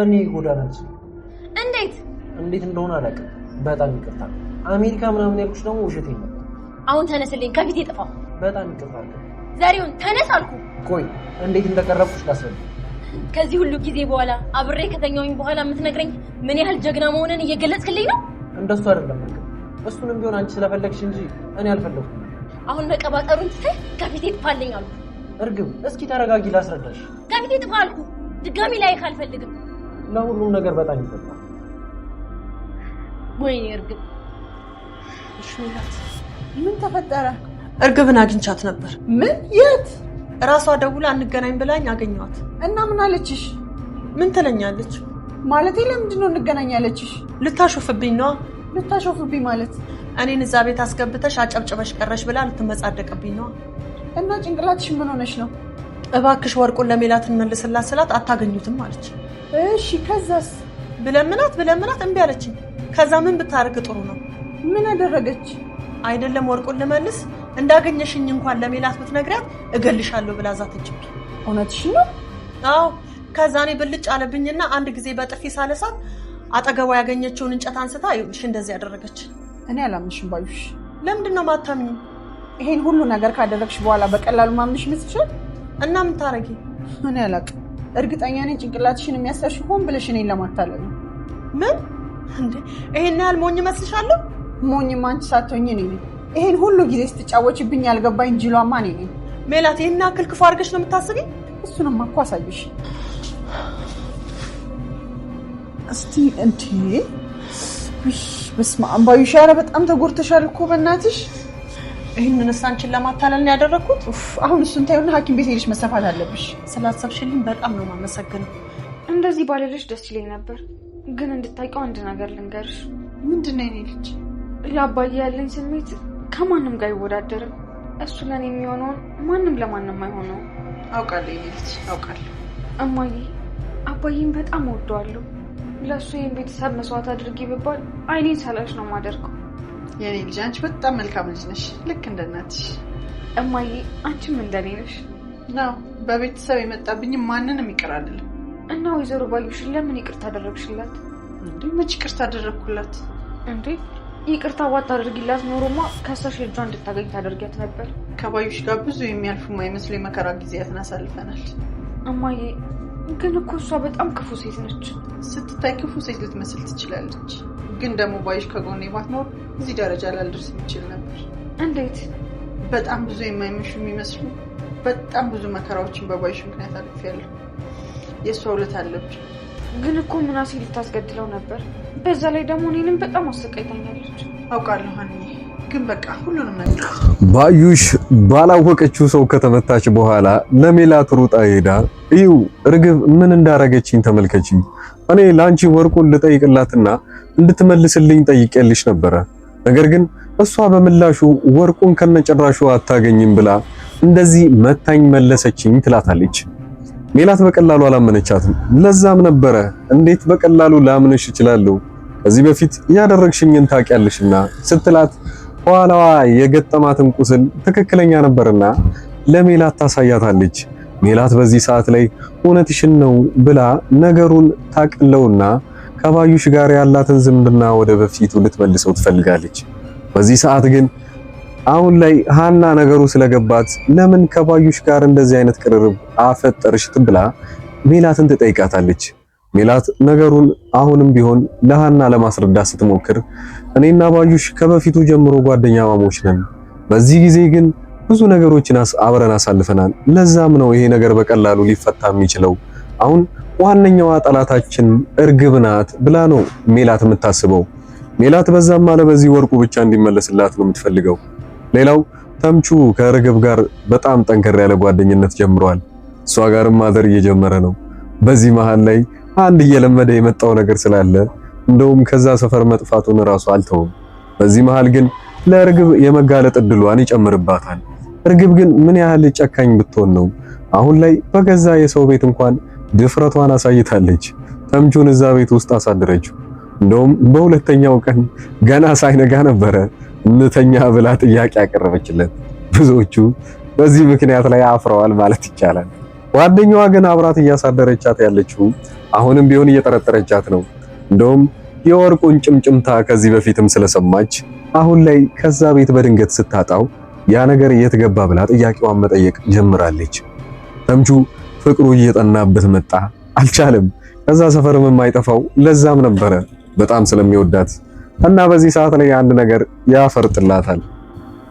እኔ ጎዳና እንዴት እንዴት እንደሆነ አላውቅም። በጣም ይቅርታ። አሜሪካ ምናምን ያልኩሽ ደግሞ ውሸት ነው። አሁን ተነስልኝ፣ ከፊት ጥፋ። በጣም ይቅርታ። ዛሬውን ተነስ አልኩ። ቆይ እንዴት እንደቀረብኩሽ ላስረዳ። ከዚህ ሁሉ ጊዜ በኋላ አብሬ ከተኛውኝ በኋላ የምትነግረኝ ምን ያህል ጀግና መሆንን እየገለጽክልኝ ነው። እንደሱ አይደለም። እሱንም ቢሆን አንቺ ስለፈለግሽ እንጂ እኔ አልፈለኩም። አሁን መቀባጠሩን ትተህ ከፊቴ ጥፋልኝ አልኩ። እርግብ እስኪ ተረጋጊ፣ ላስረዳሽ። ከፊቴ ጥፋ አልኩ። ድጋሚ ላይ አልፈልግም። ለሁሉም ነገር በጣም ይገባል ወይኔ እርግብ፣ ምን ተፈጠረ? እርግብን አግኝቻት ነበር። ምን? የት? እራሷ ደውላ እንገናኝ ብላኝ አገኘኋት። እና ምን አለችሽ? ምን ትለኛለች? ማለት ለምንድን ነው እንገናኝ ያለችሽ? ልታሾፍብኝ ነዋ። ልታሾፍብኝ ማለት? እኔን እዛ ቤት አስገብተሽ አጨብጭበሽ ቀረሽ ብላ ልትመጻደቅብኝ ነዋ። እና ጭንቅላትሽ ምን ሆነሽ ነው? እባክሽ ወርቁን ለሜላት እንመልስላት ስላት አታገኙትም አለች። እሺ ከዛስ? ብለምናት ብለምናት እምቢ አለችኝ። ከዛ ምን ብታደርግ ጥሩ ነው? ምን አደረገች? አይደለም ወርቁን ልመልስ እንዳገኘሽኝ እንኳን ለሜላት ብትነግሪያት እገልሻለሁ ብላ ዛተችብኝ። እውነትሽ ነው? አዎ። ከዛ እኔ ብልጭ አለብኝና አንድ ጊዜ በጥፊ ሳለሳት አጠገቧ ያገኘችውን እንጨት አንስታ ይኸውልሽ እንደዚህ ያደረገች። እኔ አላምንሽም ባዩሽ። ለምንድን ነው ማታምኝ? ይሄን ሁሉ ነገር ካደረግሽ በኋላ በቀላሉ ማምንሽ ይመስልሻል? እና ምን ታረጊ? እኔ አላቅም እርግጠኛ ነኝ ጭንቅላትሽን የሚያሰርሽ ሆን ብለሽ እኔን ለማታለል ነው። ምን እንዴ? ይሄን ያህል ሞኝ መስልሻለሁ? ሞኝማ አንቺ ሳትሆኝ እኔ ነኝ። ይሄን ሁሉ ጊዜ ስትጫወችብኝ ያልገባኝ ጅሏማ እኔ ነኝ። ሜላት፣ ይህን ያክል ክፉ አድርገሽ ነው የምታስቢ? እሱንም እኮ አሳየሽ እስቲ። እንዴ! በስመ አብ ባዩሽ፣ ኧረ በጣም ተጎድተሻል እኮ በእናትሽ ይህንን እሳንችን ለማታለል ነው ያደረግኩት። አሁን እሱን ታዩና ሐኪም ቤት ሄደሽ መሰፋት አለብሽ። ስላሰብሽልኝ በጣም ነው የማመሰግነው። እንደዚህ ባልልሽ ደስ ይለኝ ነበር፣ ግን እንድታውቂው አንድ ነገር ልንገርሽ። ምንድን ነው የኔ ልጅ? ለአባዬ ያለኝ ስሜት ከማንም ጋር አይወዳደርም። እሱ ለእኔ የሚሆነውን ማንም ለማንም አይሆነው አውቃለሁ የኔ ልጅ አውቃለሁ። እማዬ አባዬን በጣም ወደዋለሁ። ለእሱ ይህን ቤተሰብ መስዋዕት አድርጊ ብባል አይኔን ሰላሽ ነው የማደርገው የኔ ልጅ አንቺ በጣም መልካም ልጅ ነሽ፣ ልክ እንደ እናትሽ። እማዬ አንቺም እንደኔ ነሽ። ናው በቤተሰብ የመጣብኝም ማንንም ይቅር አልልም እና ወይዘሮ ባዩሽን ለምን ይቅርታ አደረግሽላት? እንዴ መች ይቅርታ አደረግኩላት? እንዴ ይቅርታ ባታደርጊላት ኖሮማ ከሰሽ እጇ እንድታገኝ ታደርጊያት ነበር። ከባዩሽ ጋር ብዙ የሚያልፉ የማይመስሉ የመከራ ጊዜያትን አሳልፈናል እማዬ ግን እኮ እሷ በጣም ክፉ ሴት ነች። ስትታይ ክፉ ሴት ልትመስል ትችላለች፣ ግን ደግሞ ባይሽ ከጎኔ ባትኖር እዚህ ደረጃ ላልደርስ የሚችል ነበር። እንዴት? በጣም ብዙ የማይመሹ የሚመስሉ በጣም ብዙ መከራዎችን በባይሽ ምክንያት አልፌያለሁ። የእሷ ውለት አለብኝ። ግን እኮ ምናሴ ልታስገድለው ነበር። በዛ ላይ ደግሞ እኔንም በጣም አሰቃይታኛለች። አውቃለሁ ሀኒ ባዩሽ ባላወቀችው ሰው ከተመታች በኋላ ለሜላት ሩጣ ሄዳ እዩ ርግብ ምን እንዳረገችኝ ተመልከች፣ እኔ ለአንቺ ወርቁን ልጠይቅላትና እንድትመልስልኝ ጠይቄልሽ ነበረ፣ ነገር ግን እሷ በምላሹ ወርቁን ከነጭራሹ አታገኝም ብላ እንደዚህ መታኝ መለሰችኝ ትላታለች። ሜላት በቀላሉ አላመነቻትም። ለዛም ነበረ እንዴት በቀላሉ ላምንሽ እችላለሁ ከዚህ በፊት ያደረግሽኝን ታውቂያለሽና ስትላት ከኋላዋ የገጠማትን ቁስል ትክክለኛ ነበርና ለሜላት ታሳያታለች። ሜላት በዚህ ሰዓት ላይ እውነትሽን ነው ብላ ነገሩን ታቅለውና ከባዩሽ ጋር ያላትን ዝምድና ወደ በፊቱ ልትመልሰው ትፈልጋለች። በዚህ ሰዓት ግን አሁን ላይ ሃና ነገሩ ስለገባት ለምን ከባዩሽ ጋር እንደዚህ አይነት ቅርርብ አፈጠርሽት ብላ ሜላትን ትጠይቃታለች። ሜላት ነገሩን አሁንም ቢሆን ለሃና ለማስረዳት ስትሞክር እኔና ባዩሽ ከበፊቱ ጀምሮ ጓደኛ ማሞች ነን፣ በዚህ ጊዜ ግን ብዙ ነገሮችን አብረን አሳልፈናል። ለዛም ነው ይሄ ነገር በቀላሉ ሊፈታ የሚችለው። አሁን ዋነኛዋ ጠላታችን እርግብ ናት ብላ ነው ሜላት የምታስበው። ሜላት በዛም ማለ በዚህ ወርቁ ብቻ እንዲመለስላት ነው የምትፈልገው። ሌላው ተምቹ ከእርግብ ጋር በጣም ጠንከር ያለ ጓደኝነት ጀምሯል። እሷ ጋርም ማደር እየጀመረ ነው። በዚህ መሃል ላይ አንድ እየለመደ የመጣው ነገር ስላለ እንደውም ከዛ ሰፈር መጥፋቱን ራሱ አልተውም። በዚህ መሃል ግን ለእርግብ የመጋለጥ እድሏን ይጨምርባታል። እርግብ ግን ምን ያህል ጨካኝ ብትሆን ነው አሁን ላይ በገዛ የሰው ቤት እንኳን ድፍረቷን አሳይታለች። ተምቹን እዛ ቤት ውስጥ አሳደረችው። እንደውም በሁለተኛው ቀን ገና ሳይነጋ ነበረ እንተኛ ብላ ጥያቄ ያቀረበችለት። ብዙዎቹ በዚህ ምክንያት ላይ አፍረዋል ማለት ይቻላል። ጓደኛዋ ግን አብራት እያሳደረቻት ያለችው አሁንም ቢሆን እየጠረጠረቻት ነው። እንደውም የወርቁን ጭምጭምታ ከዚህ በፊትም ስለሰማች አሁን ላይ ከዛ ቤት በድንገት ስታጣው ያ ነገር እየተገባ ብላ ጥያቄዋን መጠየቅ ጀምራለች። ተምቹ ፍቅሩ እየጠናበት መጣ፣ አልቻለም። ከዛ ሰፈርም የማይጠፋው ለዛም ነበረ በጣም ስለሚወዳት እና በዚህ ሰዓት ላይ አንድ ነገር ያፈርጥላታል።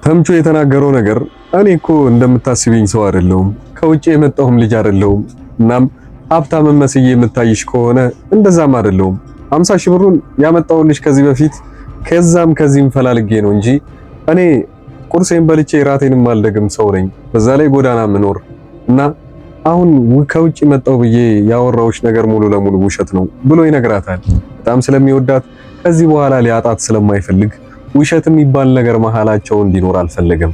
ተምቹ የተናገረው ነገር እኔ እኮ እንደምታስቢኝ ሰው አይደለሁም፣ ከውጭ የመጣሁም ልጅ አይደለሁም። እናም ሀብታም መስዬ የምታይሽ ከሆነ እንደዛም አይደለሁም። አምሳ ሺህ ብሩን ያመጣሁልሽ ከዚህ በፊት ከዛም ከዚህም ፈላልጌ ነው እንጂ እኔ ቁርሴን በልቼ ራቴንም ማልደግም ሰው ነኝ። በዛ ላይ ጎዳና ምኖር እና አሁን ከውጭ መጣው ብዬ ያወራውሽ ነገር ሙሉ ለሙሉ ውሸት ነው ብሎ ይነግራታል። በጣም ስለሚወዳት ከዚህ በኋላ ሊያጣት ስለማይፈልግ ውሸት የሚባል ነገር መሃላቸው እንዲኖር አልፈለገም።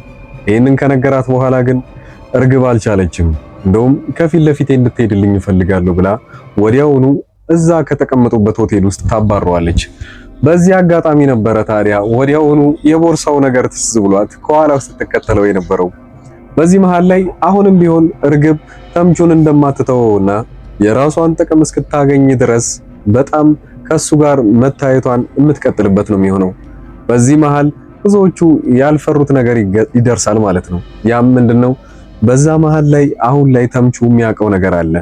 ይህንን ከነገራት በኋላ ግን እርግብ አልቻለችም። እንደውም ከፊት ለፊቴ እንድትሄድልኝ እፈልጋለሁ ብላ ወዲያውኑ እዛ ከተቀመጡበት ሆቴል ውስጥ ታባረዋለች። በዚህ አጋጣሚ ነበረ ታዲያ ወዲያውኑ የቦርሳው ነገር ትዝ ብሏት ውስጥ ስትከተለው የነበረው። በዚህ መሃል ላይ አሁንም ቢሆን እርግብ ተምቹን እንደማትተወውና የራሷን ጥቅም እስክታገኝ ድረስ በጣም ከሱ ጋር መታየቷን የምትቀጥልበት ነው የሚሆነው። በዚህ መሃል ብዙዎቹ ያልፈሩት ነገር ይደርሳል ማለት ነው። ያም ምንድነው? በዛ መሃል ላይ አሁን ላይ ተምቹ የሚያውቀው ነገር አለ።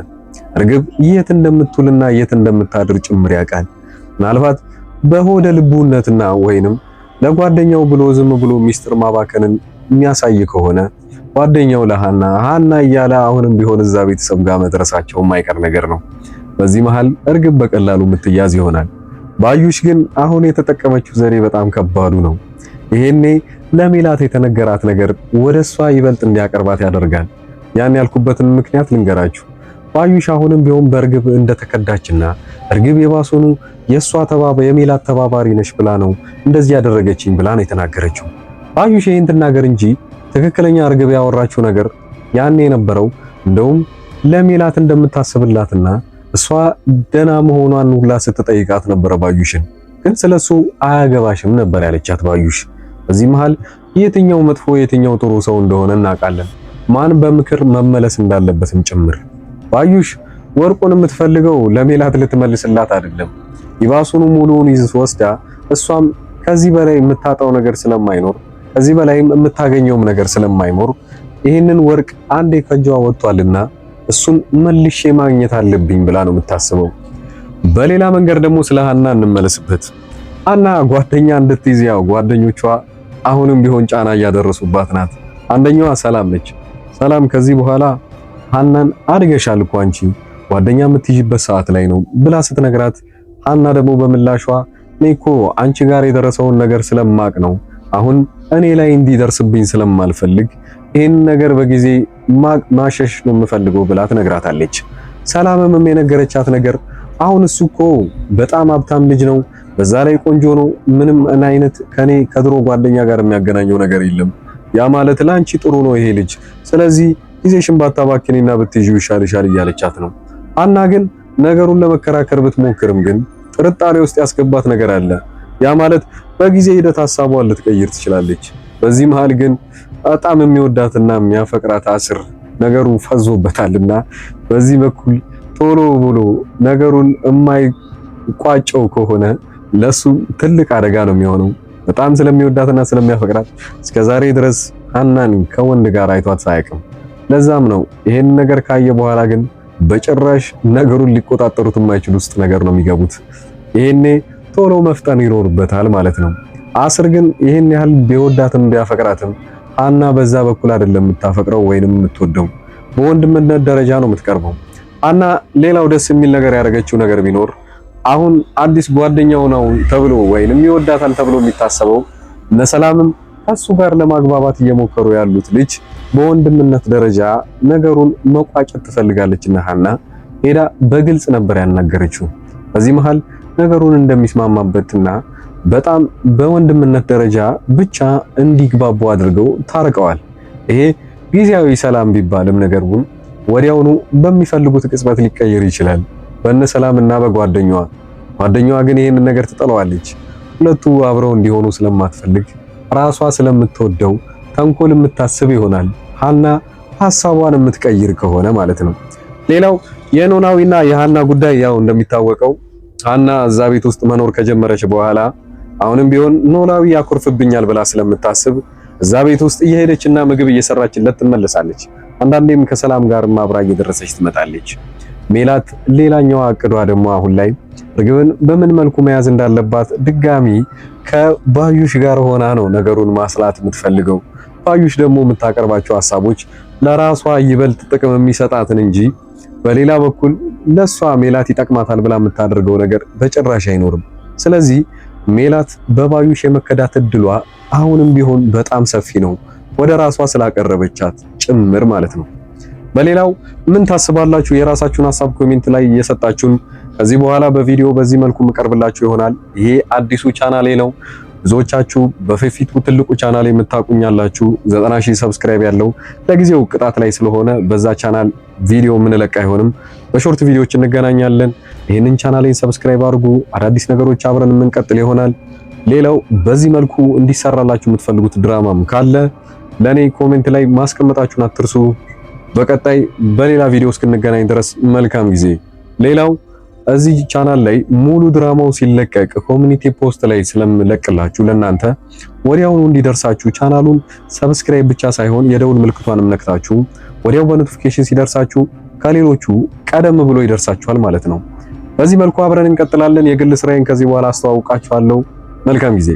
እርግብ የት እንደምትውልና የት እንደምታድር ጭምር ያውቃል። ምናልባት በሆደ ልቡነትና ወይንም ለጓደኛው ብሎ ዝም ብሎ ሚስጥር ማባከንን የሚያሳይ ከሆነ ጓደኛው ለሃና ሃና እያለ አሁንም ቢሆን እዛ ቤተሰብ ጋር መድረሳቸው የማይቀር ነገር ነው። በዚህ መሃል እርግብ በቀላሉ የምትያዝ ይሆናል። ባዩሽ ግን አሁን የተጠቀመችው ዘዴ በጣም ከባዱ ነው። ይሄኔ ለሜላት የተነገራት ነገር ወደ እሷ ይበልጥ እንዲያቀርባት ያደርጋል። ያን ያልኩበትን ምክንያት ልንገራችሁ። ባዩሽ አሁንም ቢሆን በእርግብ እንደተከዳችና እርግብ የባሱኑ የእሷ የሜላት ተባባሪ ነሽ ብላ ነው እንደዚህ ያደረገችኝ ብላ ነው የተናገረችው። ባዩሽ ይህን ትናገር እንጂ ትክክለኛ እርግብ ያወራችው ነገር ያኔ የነበረው እንደውም ለሜላት እንደምታስብላትና እሷ ደና መሆኗን ሁላ ስትጠይቃት ነበረ ባዩሽን። ግን ስለሱ አያገባሽም ነበር ያለቻት ባዩሽ። በዚህ መሃል የትኛው መጥፎ የትኛው ጥሩ ሰው እንደሆነ እናውቃለን፣ ማን በምክር መመለስ እንዳለበትም ጭምር። ባዩሽ ወርቁን የምትፈልገው ለሜላት ልትመልስላት አይደለም። ይባሱኑ ሙሉውን ይዝስ ወስዳ እሷም ከዚህ በላይ የምታጣው ነገር ስለማይኖር ከዚህ በላይም የምታገኘውም ነገር ስለማይኖር ይህንን ወርቅ አንዴ ከእጇ ወጥቷልና እሱን መልሼ ማግኘት አለብኝ ብላ ነው የምታስበው። በሌላ መንገድ ደግሞ ስለ ሀና እንመለስበት። ሀና ጓደኛ እንድትይዝ ያው ጓደኞቿ አሁንም ቢሆን ጫና እያደረሱባት ናት። አንደኛዋ ሰላም ነች። ሰላም ከዚህ በኋላ ሀናን አድገሻል እኮ አንቺ ጓደኛ የምትይዥበት ሰዓት ላይ ነው ብላ ስትነግራት፣ ሀና ደግሞ በምላሿ እኔ እኮ አንቺ ጋር የደረሰውን ነገር ስለማቅ ነው አሁን እኔ ላይ እንዲደርስብኝ ስለማልፈልግ ይህን ነገር በጊዜ ማሸሽ ነው የምፈልገው ብላ ትነግራታለች። ሰላምም የነገረቻት ነገር አሁን እሱ እኮ በጣም ሀብታም ልጅ ነው፣ በዛ ላይ ቆንጆ ነው። ምንም አይነት ከኔ ከድሮ ጓደኛ ጋር የሚያገናኘው ነገር የለም። ያ ማለት ለአንቺ ጥሩ ነው ይሄ ልጅ። ስለዚህ ጊዜሽን ባታባክኒና ብትይዥው ይሻልሻል እያለቻት ነው። አና ግን ነገሩን ለመከራከር ብትሞክርም ግን ጥርጣሬ ውስጥ ያስገባት ነገር አለ። ያ ማለት በጊዜ ሂደት ሀሳቧን ልትቀይር ትችላለች። በዚህ መሃል ግን በጣም የሚወዳትና የሚያፈቅራት አስር ነገሩ ፈዞበታልና በዚህ በኩል ቶሎ ብሎ ነገሩን የማይቋጨው ከሆነ ለሱ ትልቅ አደጋ ነው የሚሆነው። በጣም ስለሚወዳትና ስለሚያፈቅራት እስከዛሬ ድረስ ሀናን ከወንድ ጋር አይቷት አያውቅም። ለዛም ነው ይሄን ነገር ካየ በኋላ ግን በጭራሽ ነገሩን ሊቆጣጠሩት የማይችል ውስጥ ነገር ነው የሚገቡት። ይሄኔ ቶሎ መፍጠን ይኖርበታል ማለት ነው። አስር ግን ይሄን ያህል ቢወዳትም ቢያፈቅራትም አና በዛ በኩል አይደለም የምታፈቅረው ወይንም የምትወደው፣ በወንድምነት ደረጃ ነው የምትቀርበው። አና ሌላው ደስ የሚል ነገር ያደረገችው ነገር ቢኖር አሁን አዲስ ጓደኛው ነው ተብሎ ወይንም ይወዳታል ተብሎ የሚታሰበው እነ ሰላምም ከሱ ጋር ለማግባባት እየሞከሩ ያሉት ልጅ በወንድምነት ደረጃ ነገሩን መቋጨት ትፈልጋለች እና ሀና ሄዳ በግልጽ ነበር ያናገረችው። በዚህ መሃል ነገሩን እንደሚስማማበትና በጣም በወንድምነት ደረጃ ብቻ እንዲግባቡ አድርገው ታርቀዋል። ይሄ ጊዜያዊ ሰላም ቢባልም ነገር ግን ወዲያውኑ በሚፈልጉት ቅጽበት ሊቀየር ይችላል በእነ ሰላም እና በጓደኛዋ። ጓደኛዋ ግን ይህንን ነገር ትጠለዋለች። ሁለቱ አብረው እንዲሆኑ ስለማትፈልግ ራሷ ስለምትወደው ተንኮል የምታስብ ይሆናል ሀና ሀሳቧን የምትቀይር ከሆነ ማለት ነው። ሌላው የኖላዊና የሀና ጉዳይ ያው እንደሚታወቀው ሃና እዛ ቤት ውስጥ መኖር ከጀመረች በኋላ አሁንም ቢሆን ኖላዊ ያኮርፍብኛል ብላ ስለምታስብ እዛ ቤት ውስጥ እየሄደችና ምግብ እየሰራችለት ትመለሳለች። አንዳንዴም ከሰላም ጋር ማብራ እየደረሰች ትመጣለች። ሜላት ሌላኛዋ እቅዷ ደግሞ አሁን ላይ ርግብን በምን መልኩ መያዝ እንዳለባት ድጋሚ ከባዩሽ ጋር ሆና ነው ነገሩን ማስላት የምትፈልገው። ባዩሽ ደግሞ የምታቀርባቸው ሀሳቦች ለራሷ ይበልጥ ጥቅም የሚሰጣትን እንጂ በሌላ በኩል ለሷ ሜላት ይጠቅማታል ብላ የምታደርገው ነገር በጭራሽ አይኖርም። ስለዚህ ሜላት በባዩሽ የመከዳት እድሏ አሁንም ቢሆን በጣም ሰፊ ነው፣ ወደ ራሷ ስላቀረበቻት ጭምር ማለት ነው። በሌላው ምን ታስባላችሁ? የራሳችሁን ሀሳብ ኮሜንት ላይ እየሰጣችሁን ከዚህ በኋላ በቪዲዮ በዚህ መልኩ የምቀርብላችሁ ይሆናል። ይሄ አዲሱ ቻናሌ ነው። ብዙዎቻችሁ በፊፊቱ ትልቁ ቻናል የምታቁኛላችሁ 90 ሺህ ሰብስክራይብ ያለው ለጊዜው ቅጣት ላይ ስለሆነ በዛ ቻናል ቪዲዮ የምንለቅ አይሆንም። በሾርት ቪዲዮዎች እንገናኛለን። ይህንን ቻናሌን ሰብስክራይብ አድርጉ። አዳዲስ ነገሮች አብረን የምንቀጥል ይሆናል። ሌላው በዚህ መልኩ እንዲሰራላችሁ የምትፈልጉት ድራማም ካለ ለኔ ኮሜንት ላይ ማስቀመጣችሁን አትርሱ። በቀጣይ በሌላ ቪዲዮ እስክንገናኝ ድረስ መልካም ጊዜ። ሌላው እዚህ ቻናል ላይ ሙሉ ድራማው ሲለቀቅ ኮሚኒቲ ፖስት ላይ ስለምለቅላችሁ ለእናንተ ወዲያውኑ እንዲደርሳችሁ ቻናሉን ሰብስክራይብ ብቻ ሳይሆን የደውል ምልክቷንም ነክታችሁ ወዲያው በኖቲፊኬሽን ሲደርሳችሁ ከሌሎቹ ቀደም ብሎ ይደርሳችኋል ማለት ነው። በዚህ መልኩ አብረን እንቀጥላለን። የግል ስራዬን ከዚህ በኋላ አስተዋውቃችኋለሁ። መልካም ጊዜ